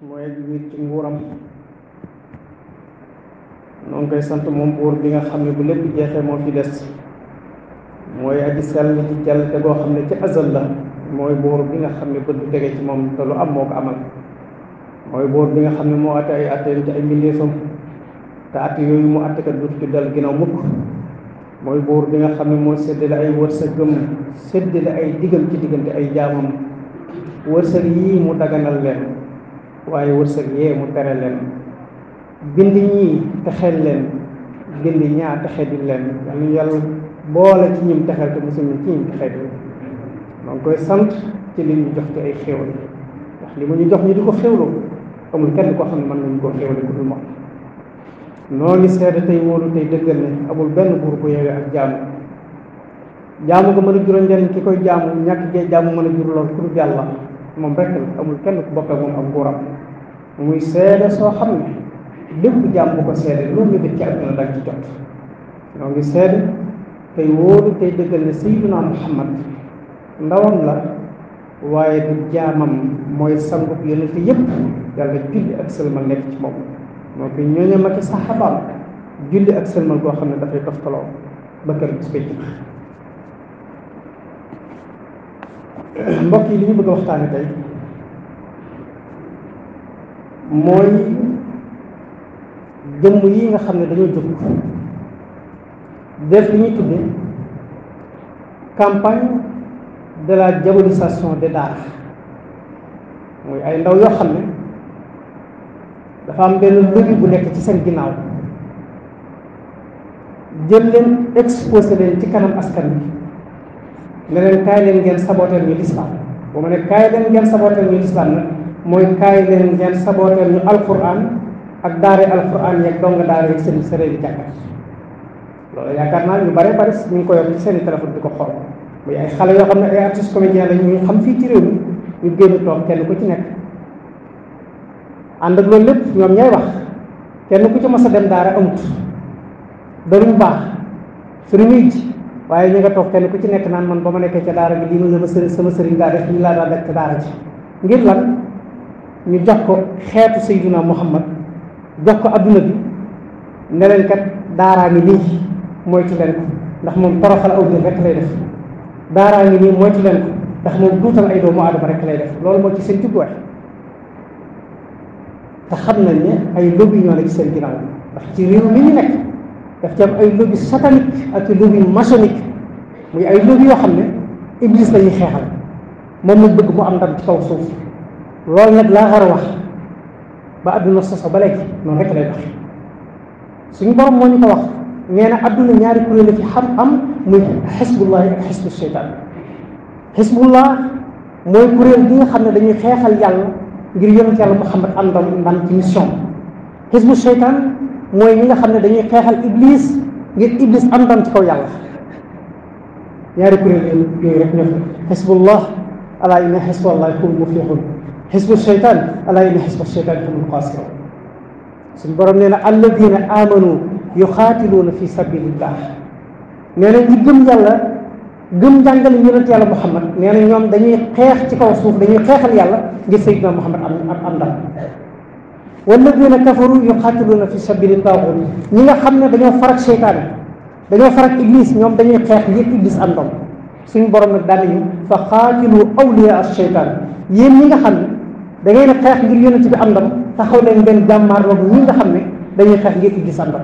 mooy ak wéet ci nguuram noo koy sant moom buur bi nga xam ne bu lépp jeexee moo fi des mooy aji sell ci jàll te goo xam ne ci azal la mooy buur bi nga xam ne bët bu tege ci moom te am moo ko amal mooy buur bi nga xam ne moo atte ay atteem ci ay yooyu mu attekat du ci dal ginnaaw mukk mooy buur bi nga xam ne moo séddale ay wërsëgam séddale ay digam ci diggante ay jaamam wërsëg yii mu daganal leen waaye wërsëg yee mu tere leen bind ñii texel leen bind ñaa texe di leen yàlla yàlla boole ci ñim texel te mosuñu ci ñim texe di maa ngi koy sant ci li ñu jox ci ay xéwal ndax li mu ñu jox ñu di ko xéwloo amul kenn koo xam ne mën nañu koo xéwale ku dul moom noo ngi seede tey wóolu tey dëggal ne amul benn buur bu yeewee ak jaamu jaamu ko mën a jural njëriñ ki koy jaamu ñàkk gee jaamu mën a jur lool ku dul yàlla moom rekk la amul kenn ku bokk ak moom ak nguuram muy seede soo xam ne bépp jàmm bu ko seede loolu ñu def ci àdduna danga ci jot ñoo ngi seede tey wóolu tey dëggal ne sayyiduna muhammad ndawam la waaye du jaamam mooy sangub yonent yépp yàlla julli ak sëlmal nekk ci moom moo koy ñooñam ak saxaabaam julli ak sëlmal goo xam ne dafay toftaloo ba kër bis pénc mbokk yi li ñu bëgg a waxtaane tey mooy jëmm yi nga xam ne dañoo jóg def li ñuy tudde campagne de la diabolisation des daara mooy ay ndaw yoo xam ne dafa am benn lobby bu nekk ci seen ginnaaw jël leen exposé leen ci kanam askan bi ne leen kaay leen ngeen sabooteel ñu lislaam bu ma ne kaay leen ngeen sabooteel ñu lislaam nag mooy kaay leen ngeen sabooteel ñu alquran ak daare alquran yeeg dong daare yeeg seen sëriñ jàkka loolu yaakaar naa ñu bare bari ñu ngi ko yor ci seen téléphone di ko xool muy xale yoo xam ne ay artistes la ñu xam fii ci réew mi ñu génn toog kenn ci nekk ànd ak loolu lépp ñoom ñay wax kenn ku ci mës sa dem daara amut daruñu baax suñu muy ji waaye ñu nga toog kenn ku ci nekk naan man ba ma nekkee ca daara bi lii ma sama sëriñ sama sëriñ daa def lii laa daa def ca daara ji ngir lan ñu jox ko xeetu sayduna muhammad jox ko adduna bi ne leen ngi nii moytu leen ko ndax moom toroxal aw biir lay def daaraa ngi nii moytu leen ko ndax moom tuutal ay doomu aadama rekk lay def loolu moo ci seen jubluwaay te xam nañ ne ay lobby ñoo seen ginnaaw ci réew nekk daf ci am ay lobby satanique ak lobby maçonnique muy ay lobby yoo xam ne iblis la ñuy xeexal moom lañ bëgg mu am ndam ci kaw suuf loolu nag laa xar wax ba adduna soso ba léegi noonu rek lay dox suñu borom moo ñu ko wax nee na adduna ñaari kuréel la fi xam am muy xisbullah ak xisbu seytaan xisbullah mooy kuréel gi nga xam ne dañuy xeexal yàlla ngir yonent yàlla Muhammad àndam ndam ci mission xisbu seytaan mooy ñi nga xam ne dañuy xeexal iblis ngir iblis am ndam ci kaw yàlla ñaari kuréel yooyu rek ñoo fi xisbullah alaa inna xisballahi hum muflixun xisbu seytaan alaa inna xisbu seytaan humul xaasiruun suñu borom nee na alladina amanu yuxaatiluuna fi sabilillah nee na ñi gëm yàlla gëm jàngale yonent yàlla Muhammad nee na ñoom dañuy xeex ci kaw suuf dañuy xeexal yàlla ngir Seydina Muhammad am am ndam walladina kafaru yuqaatiluuna fi sabili taaxut ñi nga xam ne dañoo farak seytaane dañoo farak iblis ñoom dañuy xeex ngir iblis am ndam suñu borom nag daan nañu fa xaatilu awliyaa as seytaan yéen ñi nga xam ne da ngeen a xeex ngir yonent bi am ndam taxaw leen ngeen jàmmaarloog ñi nga xam ne dañuy xeex ngir iblis am ndam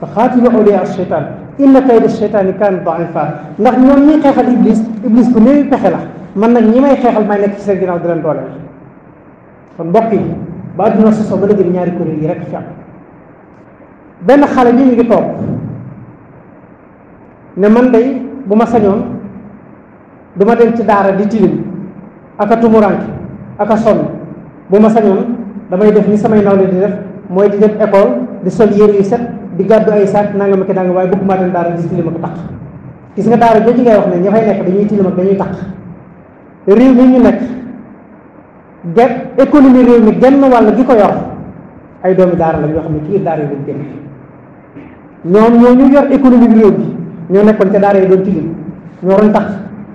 fa xaatilu awliya ash-shaytaan inna kayda ash-shaytaani kaana daifa ndax ñoom ñuy xeexal iblis iblis ku néew pexe la man nag ñi may xeexal may nekk ci seen ginnaaw di leen doole kon mbokk yi ba adduna sosoo ba léegi ñaari kuréel yi rek fi am benn xale bi ñu ngi toog ne man day bu ma sañoon du dem ci daara di tilim ak a tumuraanke ak a sonn bu ma sañoon damay def ni samay nawle di def mooy di def école di sol yére yu set di gàddu ay saak nangam ak nangam waaye bëgguma dem daara di tilim ak taq gis nga daara jooju ngay wax ne ña fay nekk dañuy tilim ak dañuy taq réew mi ñu nekk gen économie réew mi genn wàll gi ko yor ay doomi daara la ñoo xam ne kii daara yi lañ génn ñoom ñoo ñu yor bi réew bi ñoo nekkoon ca daara yi doon tilim ñoo doon taq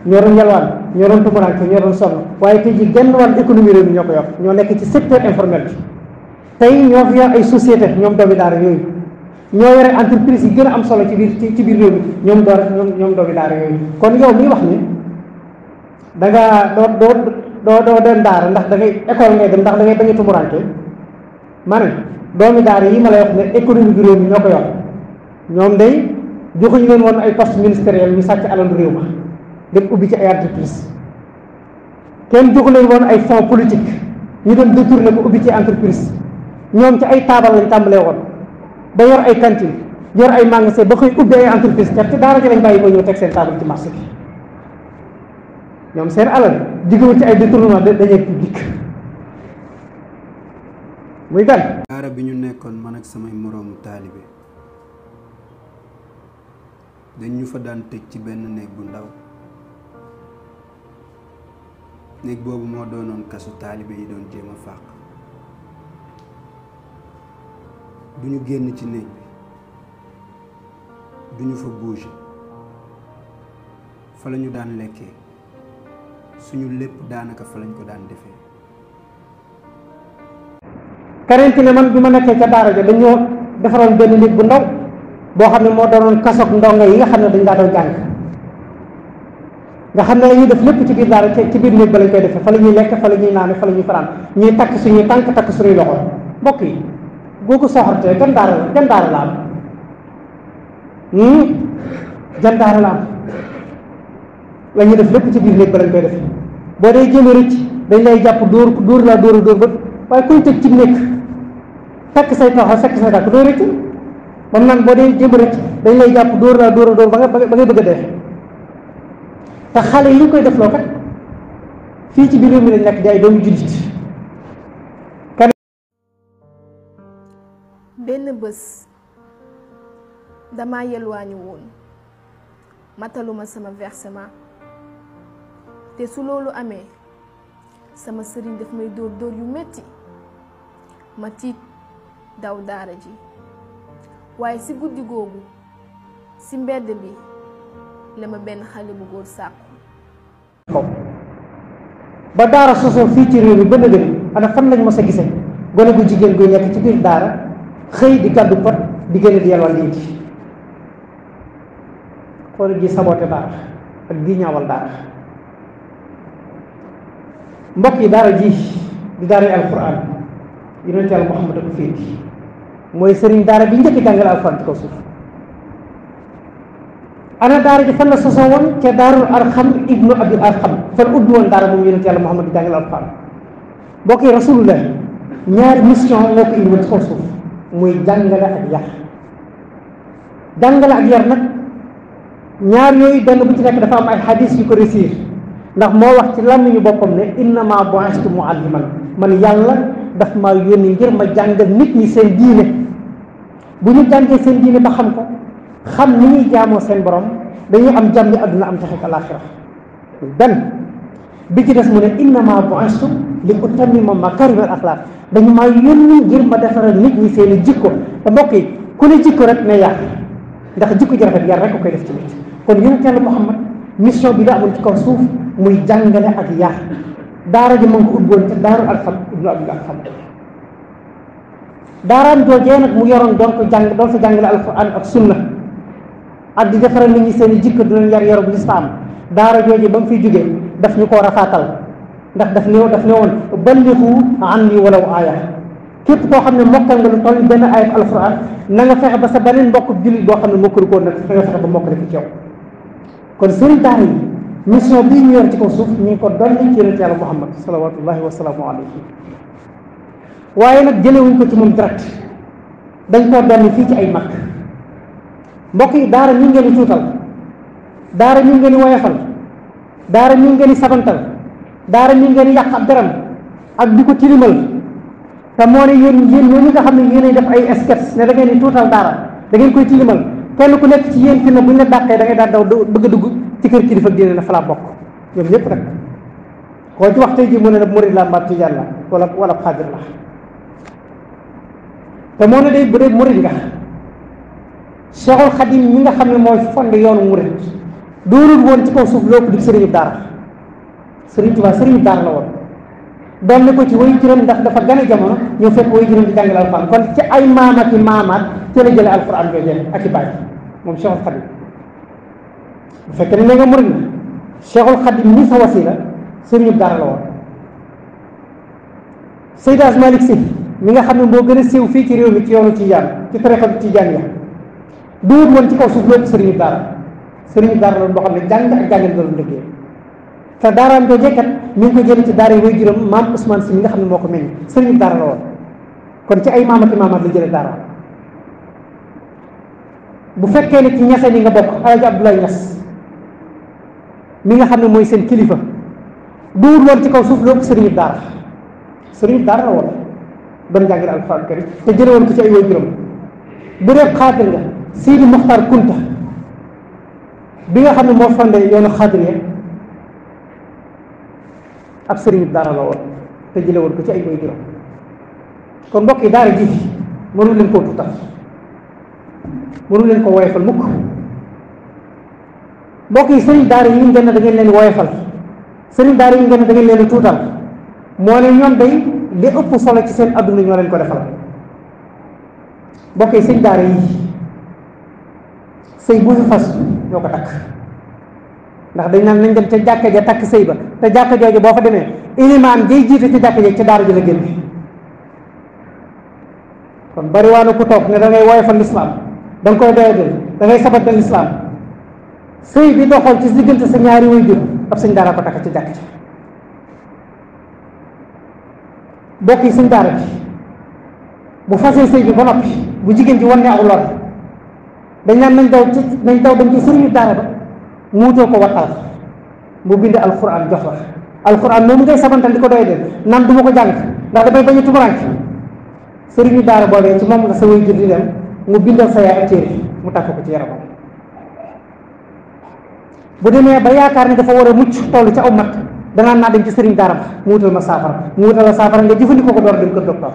ñoo doon yalwaan ñoo doon tumuraanke ñoo doon sonn waaye tey ji genn wàll économie réew mi ñoo ko yor ñoo nekk ci secteur informel tey ñoo fi yor ay société ñoom doomi daara yooyu ñoo yore entreprise yi gën a am solo ci biir ci biir réew mi ñoom door ñoom ñoom doomi daara yooyu kon yow miy wax ni da nga doo doo doo doo dem daara ndax da ngay école ngay dem ndax da ngay bañ a tumuraanke ma ne doomi daara yi ma lay wax ne économie bi réew mi ñoo ko yor ñoom day joxuñu leen woon ay poste ministériel ñu sàcc alalu réew ma dem ubbi ci ay entreprise kenn joxu leen woon ay fonds politique ñu doon détourné ko ubbi ci entreprise ñoom ci ay taabal lañ tàmbalee woon ba yor ay cantine yor ay magasin ba koy ubbi ay entreprise te ci daara ji lañ bàyyi ko ñëw teg seen taabal ci marché bi ñoom seen alal digguwul ci ay détournement dañuy dikk muy gan daara bi ñu nekkoon man ak samay moroomu taalibe dañ ñu fa daan tëj ci benn néeg bu ndaw néeg boobu moo doonoon kasu taalibe yi doon jéem a fàq du ñu génn ci néeg bi du ñu fa bouger fa la ñu daan lekkee suñu lépp daanaka fa lañ ko daan defee. keneen ki man bi ma nekkee ca daara ja dañoo defaroon benn néeg bu ndaw boo xam ne moo doonoon kasoog ndongo yi nga xam ne dañ daa doon jàng. nga xam ne la ñuy def lépp ci biir daara ci biir néeg ba lañ koy defee fa la ñuy lekk fa la ñuy naane fa la ñuy fanaan ñuy takk suñuy tànk takk suñuy loxo mbokk yi boo ko soxortee gan daara la gan daara la am gan hmm? def lépp ci biir néeg ba lañ koy defee boo dee jéem a rëcc dañ lay jàpp dóor dóor laa dóor a dóor bët waaye kuñ ci nekk takk say loxo takk say tànk doo boo dee jéem a rëcc dañ lay jàpp dóor laa dóor a dóor ba nga ba nga bëgg a dee te xale yi koy defloo kat fii ci biir réew mi lañ nekk di ay doomu benn bés dama yelwaañu woon mataluma sama versement te su loolu amee sama sëriñ daf may dóor dóor yu metti ma tiit daw daara ji waaye si guddi googu ci mbedd bi la ma benn xale bu góor sàkku ba daara sosoo fii ci réew mi ba xam ana fan lañ mos a gisee gone gu jigéen guy nekk ci biir daara xëy di gàddu pot di gën di yalwal nit yi xool ji saboote daara ak di ñaawal daara mbokk yi daara ji di daara alquran yonente yàlla Muhammad ak féeti mooy sëriñ daara bi njëkk jàngale alquran ci kaw suuf ana daara ji fan la sosoo woon cee daarul arxam ibnu abil arxam fan ubbi woon daara moom yonent yàlla Muhammad di jàngal alxuraan boo koy rasulullah ñaari mission moo ko indi woon kaw suuf muy jàngale ak yar nag ñaar yooyu benn bu ci nekk dafa am ay hadis yu ko réussir ndax moo wax ci làmmiñu boppam ne innama bu'istu mu'alliman man yàlla daf ma yónni ngir ma jàngal nit ñi seen diine bu ñu jàngee seen diine ba xam ko xam ni ñuy jaamoo seen borom dañu am jàmm yi àdduna am taxit alaaxira benn bi ci des mu ne innama bu'istu li utammima makarim al axlaaq dañu maa yónni ngir ma defaral nit ñi seen i jikko te mbokk yi ku ne jikko rek ne yar ndax jikko ji rafet yar rek ko koy def ci nit kon yonent Yàlla Muhammad mission bi la amul ci kaw suuf muy jàngale ak yar daara ji mu ngi ko ubboon te daaru alxam ibnu abdul alxam daaraam joojee mu yoroon doon ko jàng doon fa jàngale alquran ak sunna ak di defaral nit ñi seen i jikko di leen yar yaru bu lislaam daara jooju ba mu fiy jógee daf ñu koo rafaatal ndax daf ne daf ne woon balligu anni walaw aaya képp koo xam ne mokkal nga lu toll benn ayat alquran na nga ba sa beneen mbokk jullit boo xam ne mokkul ko nag nga fexe ba mokk rek ci yow kon sëriñ daara yi mission bii ñu yor ci kaw suuf ñu ngi ko dolli ci yonent yàlla muhammad salawatullahi wasalaamu alayhi waaye nag jëlewuñ ko ci moom direct dañ koo dolli fii ci ay mag mbokk yi daara ñu ngeen di tuutal daara ñu ngeen di woyofal daara ñu ngeen di sabantal daara ñu ngeen di yàq ab daram ak di ko tilimal te moo ne yéen yéen ñooñu nga xam ne ñu yéenay def ay sketch ne da ngeen di tuutal daara da ngeen koy tilimal kenn ku nekk ci yéen fi na bu ñu la dàqee da ngay daal daw bëgg a dugg ci kër kilifa diine la fa laa bokk ñoom ñëpp nag koo ci wax tey jii mu ne nag murid la mbaat tijaan la wala wala xaadir la te moo ne day bu dee murid nga Cheikhul Khadim mi nga xam ne mooy fondé yoonu murid doonul woon ci kaw suuf loo ko dig sëriñu daara sëriñ Tuubaa sëriñu daara la woon doon na ko ci way juróom ndax dafa gën a jamono ñëw fekk way juróom di jàngale alquran kon ci ay maamaat yi maamaat ci la jële alquran ak i bàyyi moom Cheikhul Khadim bu fekkee ne nga murid na Cheikhul Khadim ni sa wasila sëriñu daara la woon Seydi Malick Sy mi nga xam ne moo gën a siiw fii ci réew mi ci yoonu ci yaan ci tarixa bi ci jaan ya duwut woon ci kaw suuf loolu sëriñu daara sëriñu daara loolu boo xam ne jàng ak jàngale loolu liggéey te daaraam joojee kat ñu ci daara yi way juróom maam Ousmane si mi ne moo ko meññ sëriñu daara la woon kon ci ay maam ak imaamaat la jëlee daara fekkee ne ci ñase ni nga bokk Alaaji Abdoulaye Ñas mi nga xam ne mooy seen kilifa duwut woon ci kaw suuf loolu sëriñu daara sëriñu daara la woon doon ko ci ay way juróom bu dee xaatil nga Sidi Muxtar Kunta bi nga xam ne moo fande yoonu xadriya ab sëriñ daara la woon te jële woon ko ci ay way juróom kon mbokk yi daara ji mënu leen koo tuutal mënu leen ko woyofal mukk mbokk yi sëriñ daara yi ngeen ne da ngeen leen woyofal sëriñ daara yi ngeen ne da ngeen leen tuutal moo ne ñoom day li ëpp solo ci seen adduna ñoo leen ko defal mbokk yi daara yi sëy bu ñu fas ñoo ko takk ndax dañ naan nañ dem ca jàkka ja takk sëy ba te jàkka jooju boo fa demee ilimaan jay jiite ci jàkka ja ci daara ji la génne kon bariwaanu ku toog ne dangay ngay woyofal lislaam da nga koy doyadal da ngay sabatal lislaam sëy bi doxoon ci diggante sa ñaari waajur ab sëñ daara ko takk ci jàkka ja bokk yi sëñ daara bi bu fasee sëy bi ba noppi bu jigéen ji wan ne aw lor dañ naan nañ daw ci nañ daw dañ ci sëriñu daara ba mu wutoo ko wattal mu bind alquran jox la alquran moom ngay sabantal di ko doy dem naan du ma ko jàng ndax damay bañ a tumuraank sëriñu daara boobee ci moom la sa way jur di dem mu bindal sa yaay ak téere mu tàkk ko ci yaramam bu demee ba yaakaar ni dafa war a mucc toll ca aw mat danaan naa dem ci sëriñ daara ba mu wutal ma saafara mu wutal la saafara nga jëfandikoo ko door dem kër docteur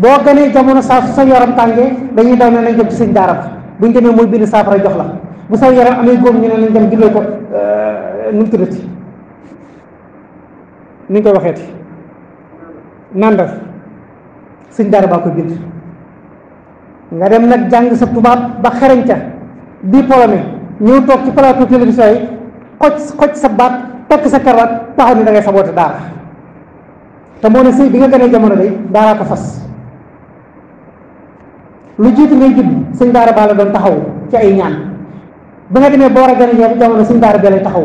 boo gënee jamono saa su sa yaram tàngee dañuy daan ne nañ jëm ci sëñ daara ba bu ñu demee muy bind saafara jox la bu sa yaram amee góom ñu ne nañ dem jublee ko euh, nu mu tuddati ni ñu koy waxeeti nandal sëñ daara baa koy bind nga dem nag jàng sa tubaab ba xereñ ca diplômé ñëw toog ci plateau télévision yi xoj xoj sa baat takk sa karawaat taxaw ni da ngay saboote daara te moo ne sëy bi nga gënee jamono day daaraa ko fas lu jiitu ngay judd sëñ daara baa la doon taxaw ci ay ñaan ba nga demee boo war a gën a ñeenti jamono sëñ daara bee lay taxaw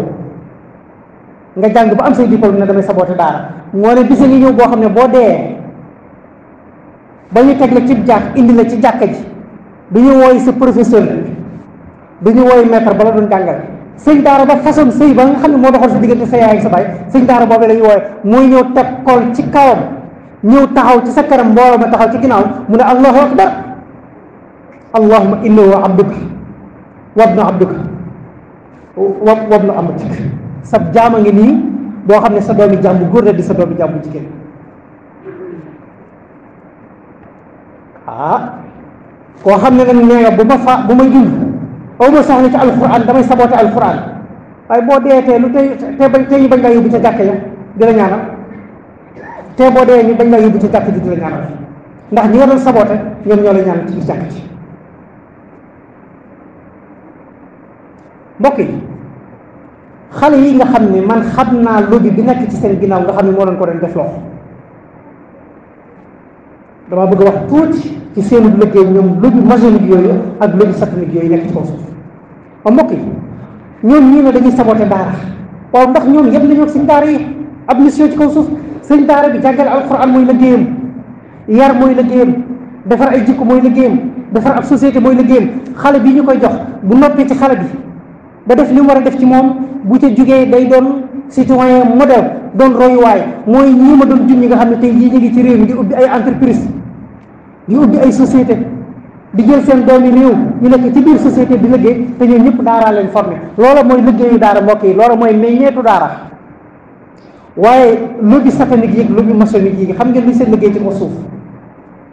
nga jàng ba am say diplôme ne damay saboote daara moo ne bisa ngi ñëw boo xam ne boo dee ba ñu la ci jàkk indi la ci jàkka ji du ñu sa professeur du ñu wooy maître ba la doon jàngal sëñ daara ba façon sëy ba nga xam ne moo doxal sa diggante sa yaay ak sa baay sëñ daara boobee la ñu wooye mooy ñëw teg kool ci kawam ñëw taxaw ci sa kanam mbooloo ma taxaw ci ginnaaw mu ne ak akbar allahuma innahu abduka wabnu abduka wabnu amatika sab a ngi nii boo xam ne sa doomi jaam bu góor la di sa doomi jaam jigéen ah koo xam ne nag nee nga bu ma fa bu ma jul aw ma soxla ci alquran damay saboté alquran waaye boo dee tee lu tey te bañ tey ñu bañ laa yóbbu ca jàkk ya di la ñaanal te boo dee ñu bañ laa yóbbu ca jàkk ji di la ndax ñi nga doon saboté ñoom ñoo la ñaanal ci jàkk ji mbokk yi xale yi nga xam ne man xam naa lobby bi nekk ci seen ginnaaw nga xam ne moo leen ko doon def loxo damaa bëgg a wax tuuti ci seenu liggéey ñoom lobby maçonnique yooyu ak lobby sa yooyu nekk ci kaw suuf ba mbokk ñoom ñii ne dañuy saboté daara waaw ndax ñoom yëpp la ñoo seen daara yi ab mission ci kaw suuf seen daara bi jàngale alquran mooy la liggéeyam yar mooy liggéeyam defar ay jikko mooy liggéeyam defar ab société mooy liggéeyam xale bi ñu koy jox bu noppee ci xale bi ba def li war a def ci moom bu ca jugee day doon citoyen modèle doon royuwaay mooy ñii ma doon junj nga xam ne te jii ñu ngi ci réew mi di ubbi ay entreprise di ubbi ay société di jël seen doomi réew ñu nekk ci biir société di liggéey te ñoom ñëpp daaraa leen formé loola mooy liggéeyu daara mbokk yi loola mooy meññeetu daara waaye lobby satanique yi lobby maçonnique yi xam ngeen li seen liggéey ci ko suuf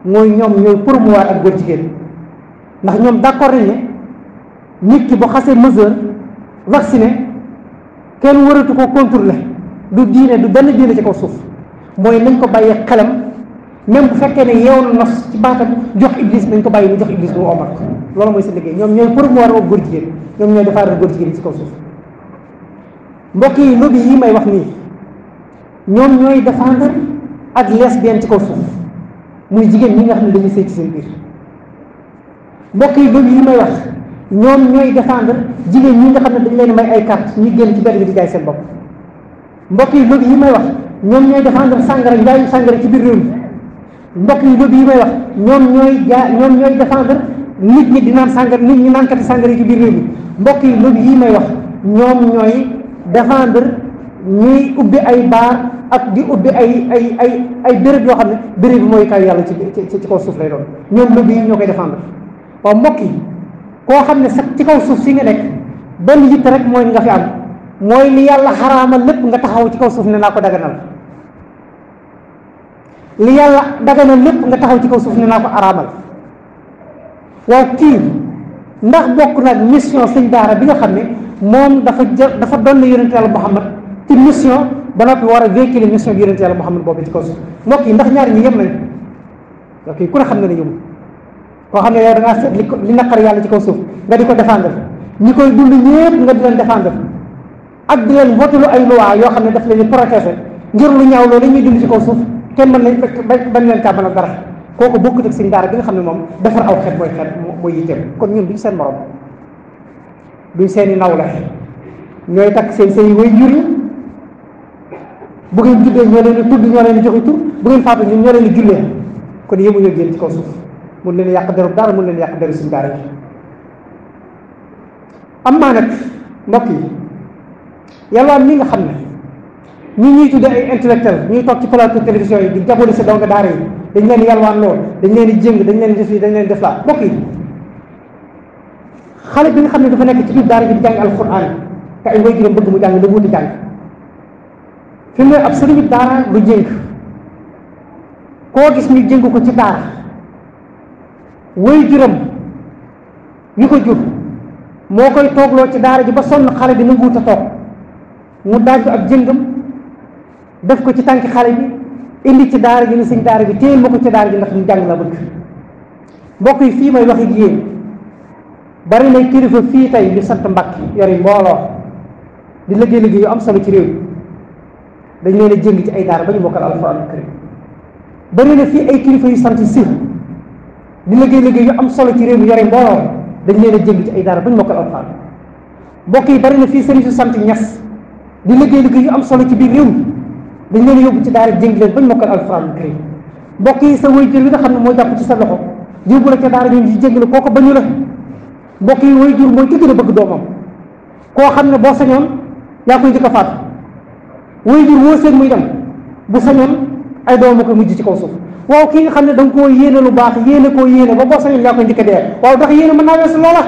mooy ñoom ñooy promouvoir ak góor jigéen ndax ñoom d'accord nañ ki bu xasee mesure ne kenn waratu ko contrôler du diine du benn diine ci kaw suuf mooy nañ ko bàyyee xelam même bu fekkee ne yeewu na nos ci baatam jox iblis nañ ko bàyyi mu jox iblis mu omat ko loolu mooy seen liggéey ñoom ñooy promouvoir ak góor jigéen ñoom ñooy defaaral góor jigéen ci kaw suuf mbokk yi lobby yi may wax nii ñoom ñooy défendre ak lesbienne ci kaw suuf muy jigéen ñi nga xam ne dañuy sëy ci seen biir mbokk yi yi may wax ñoom ñooy défendre jigéen ñi nga xam ne dañ leen may ay carte ñu génn ci benn di jaay seen bopp mbokk yi lobby yi may wax ñoom ñooy défendre sàngara njaayu sàngara ci biir réew mi mbokk yi lobby may wax ñoom ñooy jaa ñoom ñooy défendre nit ñi di naan sàngara nit ñi naankati sàngara ci biir réew mi mbokk yi lobby yi may wax ñoom ñooy défendre ñuy ubbi ay baar ak di ubbi ay ay ay ay béréb yoo xam ne béréb mooy kaay yàlla ci ci ci kaw suuf lay doon ñoom lobby yi ñoo koy défendre waaw mbokk koo xam ne sax ci kaw suuf si nga nekk benn yitte rek mooy nga fi am mooy li yàlla xaraamal lépp nga taxaw ci kaw suuf ne naa ko daganal li yàlla daganal lépp nga taxaw ci kaw suuf ne naa ko araamal waaw kii ndax bokk nag mission sëñ daara bi nga xam ne moom dafa jë dafa doon yonente yàlla Muhammad ci mission ba noppi war a véhiculer mission bi yonente yàlla Muhammad boobu ci kaw suuf mbokk yi ndax ñaari ñi yem nañ mbokk yi ku ne xam ne ne yëmul koo xam ne yow da ngaa seet li ko li naqar yàlla ci kaw suuf nga di ko défendre ñi koy dund ñépp nga di leen défendre ak di leen votalu ay loi yoo xam ne daf leen di protéger ngir lu ñaaw loolu ñuy dund ci kaw suuf kenn mën nañ bañ leen caa mën a dara kooku bokkut ak sëñ daara bi nga xam ne moom defar aw xet mooy xet mooy yitteem kon ñun duñ seen morom duñ seeni nawle ñooy takk seen seen way jur bu ngeen juddee ñoo leen di tudd ñoo leen di joxe bu ngeen faatu ñun ñoo di jullee kon yëmuñu génn ci kaw suuf mun leen yàq deru dara mun leen yàq deru suñu daara ji am maa nag mbokk yi yàlwaan mi nga xam ne ñi ñuy tudde ay intellectuel ñuy toog ci plateau télévision yi di jaboli sa donga daara yi dañ leen yalwaan lool dañ leen di jëng dañ leen def lii dañ leen def laa mbokk bi nga xam ne dafa nekk ci biir daara ji di jàng alquran te ay way juróom bëgg mu jàng da wuti jàng fi mu ne ab sëriñu daara lu jëng koo gis ñu jëng ko ci daara way juram ñi ko jur moo koy toogloo ci daara ji ba sonn xale bi nanguwut a toog mu daaj ko ak jëngam def ko ci tànki xale bi indi ci daara ji ni sëñ daara bi téyel ma ko ci daara ji ndax ñu jàng la bëgg mbokk yi fii may wax ak yéen bari kilifa fii tey ñu sant mbakk yori mbooloo di liggéey liggéey yu am solo ci réew dañ leen a jëng ci ay daara ba ñu mokkal alxuraan karim bari na fii ay kilifa yu sant si di liggéey liggéey yu am solo ci réew mi yore mbooloo dañ leen a jëng ci ay daara bañ mokkal alxuraan mbokk yi bari na fii sëriñ su sant ñas di liggéey liggéey yu am solo ci biir réew mi dañ leen yóbbu ci daara jëng leen bañ mokkal alxuraan kariim mbokk yi sa waajur bi nga xam ne mooy jàpp ci sa loxo yóbbu la ca daara ñoom ci jëng la kooku bañu la mbokk yi waajur mooy ki gën a bëgg doomam koo xam ne boo sañoon yaa koy njëkk a faatu waajur woo seen muy dem bu sañoon ay dooma koy mujj ci kaw suuf waaw ki nga xam ne da nga koo yéene lu baax yéene koo yéene ba boo sañoon yaa koy njëkk a dee waaw ndax yéene mën naa weesu loola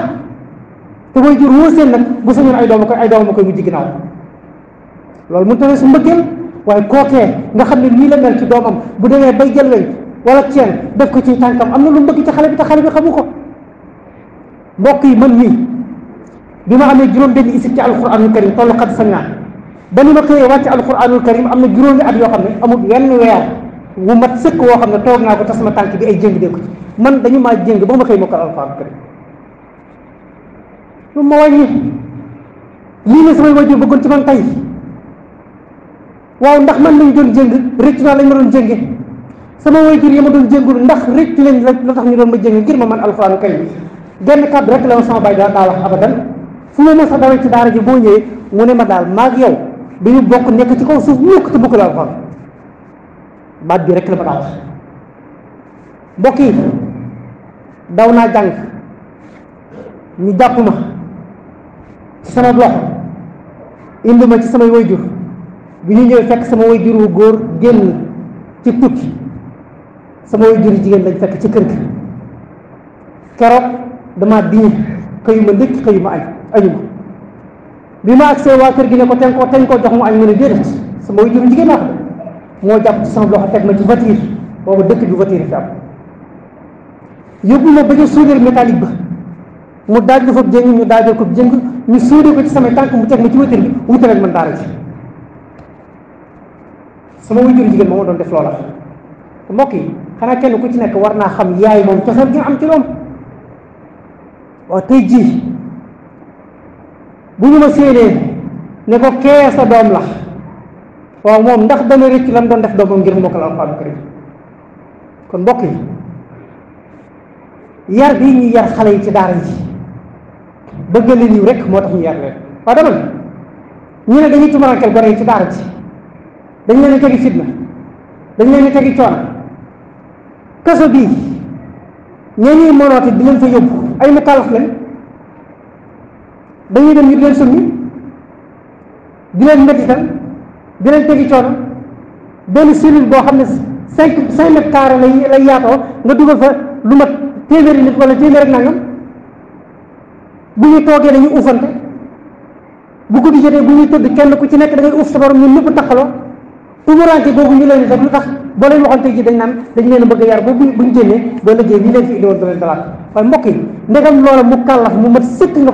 te way jur woo seen nag bu sañoon ay dooma koy ay dooma koy mujj ginnaaw loolu mënu tawee su mbëggeel waaye kookee nga xam ne nii la mel ci doomam bu demee bay jël lañ wala ceen def ko ci tànkam am na lu mbëgg ci xale bi te xale bi xamu ko mbokk yi man nii bi ma amee juróom benn isib ci alquranul karim tollu xat sañaan ba ni ma xëyee wàcc alquranul karim am na juróomi at yoo xam ne amul wenn weer wu mat sëkk woo xam ne toog naa ko tas ma tànk bi ay jëng dee ci man dañu maa jëng boo ma xëy mokkal alquranul karim lu ma wàññi lii ne samay wajur bëggoon ci man tey waaw ndax man lañ doon jëng rëcc naa lañ ma doon jënge sama wajur yi ma doon jëngul ndax rëcc lañ la tax ñu doon ma jënge ngir ma man alquranul karim genn kàddu rek la sama baay daa wax abadan fu ma mos a dawee ci daara ji boo ñëwee mu ne daal maag yow dañu bokk nekk ci kaw suuf mukk te bokkul alxuraan baat bi rek la ma daal mbokk daw naa jàng ñu jàpp ma ci sama loxo indi ma ci samay wayjur bi ñu ñëwee fekk sama wayjur wu góor génn ci tukki sama wayjur yu jigéen lañ fekk ci kër gi keroog dama diñe xëyu ma ndékki xëyu ma añ añu bi ma agsee waa kër gi ne ko tenkoo ko teñ ko jox mu añ mu ne déedéet sama way jigéen laa moo jàpp ci sama loxo teg ma ci voiture boobu dëkk bi voiture fi am yóbbu ma ba ca soudure métallique ba mu daaj fa foofu jëng ñu daajal ko jëng ñu soudé ko ci samay tànk mu teg ma ci voiture bi wutal ak man daara ci sama way jur jigéen ma doon def loola ku yi xanaa kenn ku ci nekk war naa xam yaay moom cosaan gi am ci loom waaw tey jii bu ñu ma séenee ne ko kee sa doom la waaw moom ndax dana rëcc lan doon def doomam ngir mokkal alxuraan karim kon mbokk yi yar bii ñuy yar xale yi ci daara ji bëgg leen yiw rek moo tax ñu yar leen waaw dama ñu ne dañuy tumarankel gone yi ci daara ji dañ leen di fitna dañ leen di tegi coono kaso bii ña ñuy monooti di leen fa yóbbu ay mu kàllaf lañ dañuy dem ñu di leen summi di leen médital di leen tegi coono benn cellule boo xam ne cinq cinq mètres carré lay lay yaatoo nga dugal fa lu mat téeméeri nit wala téeméer ak nangam bu ñu toogee dañuy uufante bu guddi jotee bu ñuy tëdd kenn ku ci nekk da ngay uuf sa borom ñun ñëpp taxaloo umurante boobu ñu leen di def lu tax boo leen waxoon ji dañ naan dañ leen bëgg a yar boobu bu ñu génnee boo liggéey ñu leen fi indiwoon doo leen dalaat waaye mbokk ndegam loola mu kàllaf mu mat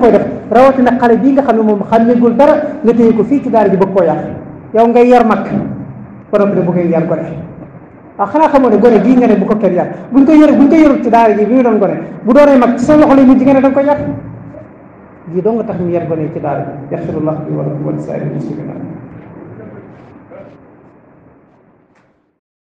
koy def rawatina xale bii nga xam ne moom xàmmeegul dara nga téye ko fii ci daara ji bëgg koo yàq yow ngay yar mag ba noppi ne bu ngay yar gone waaw xanaa xam ne gone gii nga ne bu ko kenn yar buñ ko yar buñ ko yarul ci daara ji bi ñu doon gone bu doonee mag ci sa loxo lay mujj nga ne da nga koy yar lii doo nga tax ñu yar gone ci daara ji yaxfirullah bi wala wala saa